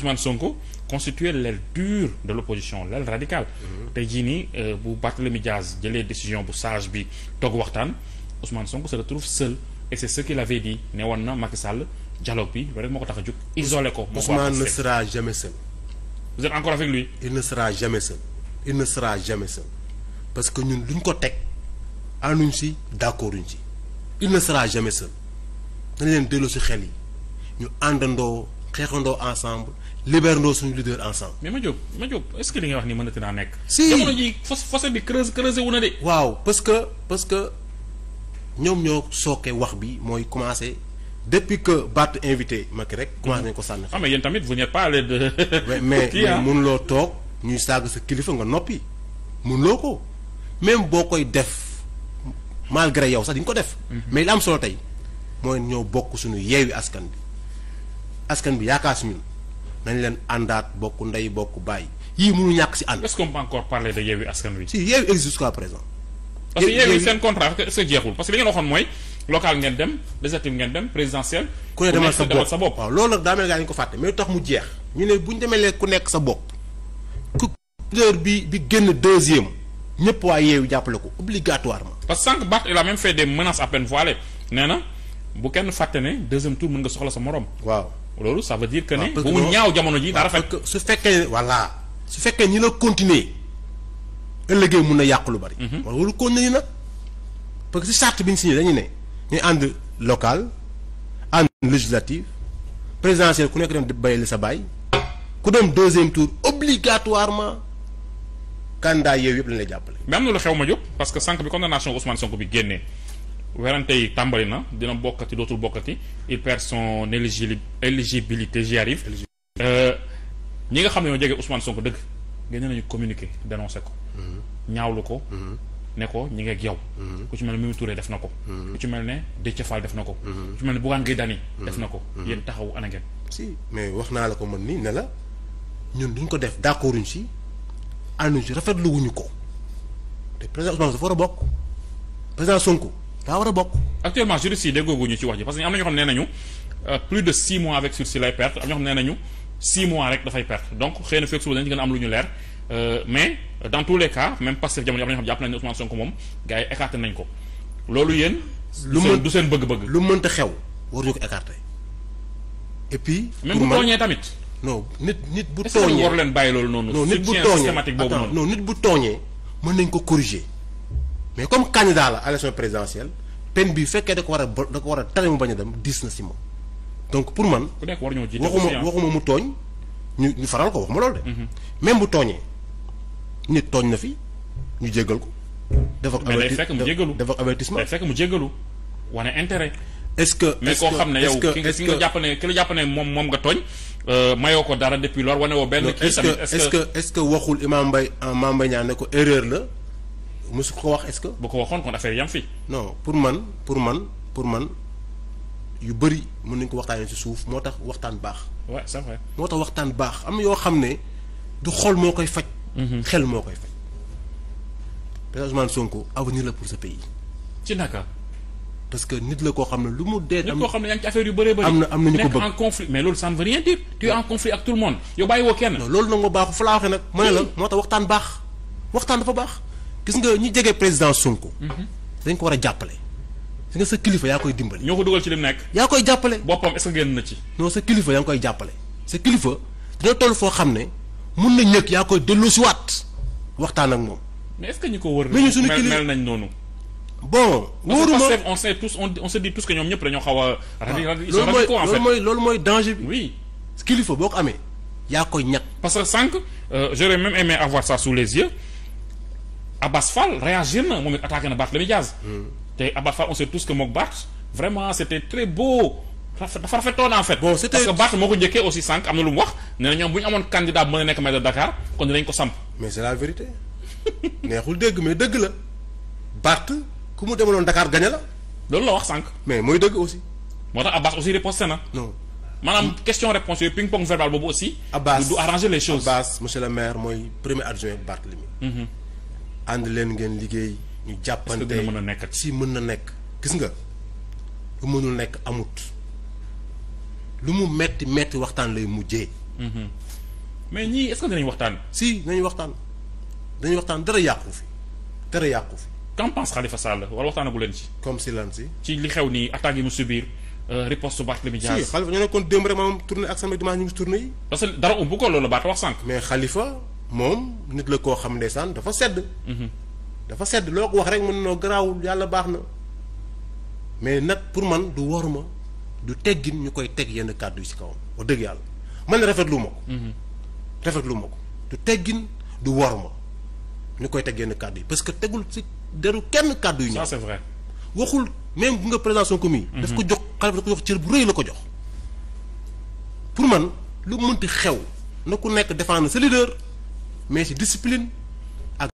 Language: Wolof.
Ousmane Sonko constituer l'aile dure de l'opposition l'aile radicale mhm. tey jii nii euh, bu Barthélemy Diaz jëlee décision bu sage bi toog waxtaan Ousmane Sonko se retrouve seul et c'est ce qu'il avait dit ne woon na Macky Sall dialogue bi loolu rek moo ko tax a jóg isolé ko Ousmane ne sera jamais seul vous êtes encore avec lui il parce que ñun luñ ko teg ànduñ si d'accorduñ si il ne sera jamais seul leen delloo si xel yi ñu àndandoo xeexandoo ensemble libérandoo suñu leader ensemble. mais Madiop Madiop est-ce que li nga wax ni mën na nekk. si jamono fos fossé bi creuse creusé wu na de. waaw parce que parce que ñoom ñoo sooke wax bi mooy commencé. depuis que baat invité Macky rek commencé nañ ko sànni. ah mais yéen tamit vous n'êtes pas à l'aise de. mais mais ah. loo toog ñuy saaga sa kilifa nga noppi loo ko même boo koy def malgré yow sax di nga ko def. Mm-hmm. mais li am soo tey mooy ñoo bokk suñu yeewi askan bi. askan bi yaakaar si ñun nañ leen àndaat bokk ndey bokk bàyyi yii mënu ñàkk si ànd. est-ce qu'on peut encore parler de Yewwi Askan Wi. si Yewwi parce que Yewwi seen contrat est-ce dem législative dem présidentielle. ku ne demal sa bopp ko fàtte mais tax mu jeex. ñu ne bu ñu demee ku nekk sa bopp. ku leader bi bi génn deuxième ñëpp waa Yewwi jàppale ko obligatoirement. parce que sànq Barth il a même fait des menaces à peine voilées nee na bu kenn fàtte ne deuxième tour mën nga soxla sa morom. waaw loolu ça veut dire que ne. bu mu ñaaw jamono ji daa rafet. su fekkee voilà su fekkee ñi la continuer ëllëgee mun na yàq lu bari. wala mhm. wala continuer nag parce que si charte bi ñu signé dañu ne ñu ànd local ànd législative présidentielle ku nekk dem bayal sa baay ku dem deuxième tour obligatoirement. candidat yooyu yëpp lañ lay jàppale. mais am na lu xew ma jóg parce que sànq bi condamnation Ousmane Sonko bi génnee. werante yi tàmbali na dina bokkati dootul bokkati il perd son éligi éligibilité j'y arrive euh, ñi nga xam ne ñoo jege Ousmane Sonko dëgg génne nañu communiqué dénoncé ko mm-hmm. ñaawlu ko mm-hmm. ne ko ñi ngeeg yow mm-hmm. ku ci mel ne Mimi Touré def na ko ku ci mel ne Déthié Fall def na ko ku ci mel ne Bougane Gueye def na ko yéen taxawu ana si mais wax naa la ko man ni ne la ñun duñ ko def d'accorduñ si ànduñ si rafetluwuñu ko te président Ousmane dafa war a bokk président Sonko daa war a bokk. actuellement juristes yi déggoo ñu ci wax ji parce que am na ñoo xam ne nee euh, plus de six mois avec sursis lay perte am na ñoo xam ne nee nañu six mois rek dafay perte donc xëy na fekk suba dañu ci gën a am lu ñu leer euh, mais dans tous les cas même Pastef jamono am na ñoo xam jàpp nañu ne Ousmane Sonko moom gars yi nañ ko loolu yéen. lu mën du seen bëgg-bëgg. lu mënta xew waruñu ko écarté et puis. même bu tooñee tamit. non nit nit bu. tooñee est-ce que waru leen bàyyi loolu noonu. non nit bu tooñee systématique boobu noonu non nit bu tooñee mën nañ ko corriger mais comme candidat la à l'élection présidentielle peine bi fekkee da ko war a da ko war a tane mu bañ a dem diis na si moom donc pour man. nekk war ñoo jiite waxuma waxuma mu tooñ ñu ñu faral ko waxuma loolu de. Mhm. même bu tooñee nit tooñ na fi ñu jéggal ko. dafa ak avertissement mais day fekk mu jéggalu wane intérêt. est-ce que mais xam ne yow ki nga ki jàpp ne moom moom nga tooñ. Euh, mayoo ko dara depuis loolu wane woo benn. kii tamit est waxul Imam Mbaye Mame ne ko erreur la. mosu ko wax est-ce que. boo ko waxoon kon affaire yam fi. non pour man pour man pour man yu bëri mun nañ ko waxtaanee ci suuf moo tax waxtaan baax. waaw moo tax waxtaan baax am yoo xam ne du xol moo koy faj. Mhm. xel moo koy faj. président Ousmane Sonko avenir la pour ce pays. ci naka. parce que la koo xam ne lu mu dee. am xam ne yaa ngi ci am na am na ñu ko bëgg nekk en conflit mais loolu ça ne kenn. loolu nag moo baaxul fa laa waxee la moo tax waxtaan baax waxtaan dafa baax. gis nga ñu jege président Sonko. dañ ko war a jàppale. gis nga sa kilifa yaa koy dimbali. ñoo ko dugal ci li mu nekk. yaa koy jàppale. boppam est-ce que génn sa kilifa yaa ngi koy jàppale. sa kilifa toll foo xam ne mun na ñëkk yaa koy delloosiwaat waxtaan ak moom. mais est-ce que ñu ko wër. mais ñu suñu kilifa nañ noonu. bon wóoruma parce que on que ñoom ñëpp dañoo xaw ah. mooy loolu mooy loolu mooy kilifa boo ko amee. yaa koy ñàkk. parce que sànq euh, j'aurais même aimé avoir ça sous les yeux Abbas Fall réagir na moom it attaqué na Barthélémy Diaz hmm. te Abbas Fall on sait tous que mook Barth vraiment c'était très beau dafa rafetoon en fait bon, c'était parce que Barth moo ko njëkkee aussi sànq am na lu mu wax ne ñoom bu ñu amoon candidat bu mën a nekk maire de Dakar kon dinañ ko samp mais c'est la vérité neexul dégg mais dëgg la Barth ku mu demaloon Dakar gañe la loolu la wax sànq mais mooy dëgg aussi moo tax Abbas aussi riposté na non maanaam question réponse yooyu ping pong verbal boobu aussi Abbas du le maire mooy premier adjoint Barthélémy mhm. ànd leen ngeen liggéey ñu jàppante mën a nekk si mën na nekk gis nga lu mënul nekk amut lu mu metti metti waxtaan lay mujjee mhm. mais ñi est-ce si dinañ waxtaan dañuy waxtaan dara yàqu yàqu fi qu'en pense Khalifa Sall wala waxtaanagu si lan si ci li xew nii attaques yi mu subir euh, riposte Barthélémy Dias si Khalifa ñoo nekkoon démb rek maanaam tournée ak samedi dimanche ñu ngi tournée yi parce que dara umbu ko loolu baata wax sànq mais Khalifa moom nit la koo xam ne ndeysaan dafa sedd. Mhm. dafa sedd loo ko wax rek mën noo garaawul yàlla baax na mais nag pour man du wor ma du teggin ñu koy teg yenn kàddu yi ci kawam yàlla man rafetlu ma ko. Mhm. ma ko du teggin du wor ma ñu koy teg yenn yi parce que tegul ci deru kenn kàddu yu ñëw. waxul même bu nga présentation commune. Mhm. daf ko jox xale daf ko jox cër bu rëy la ko jox. pour man lu mënti xew na ku nekk défendre sa leader. mais ci discipline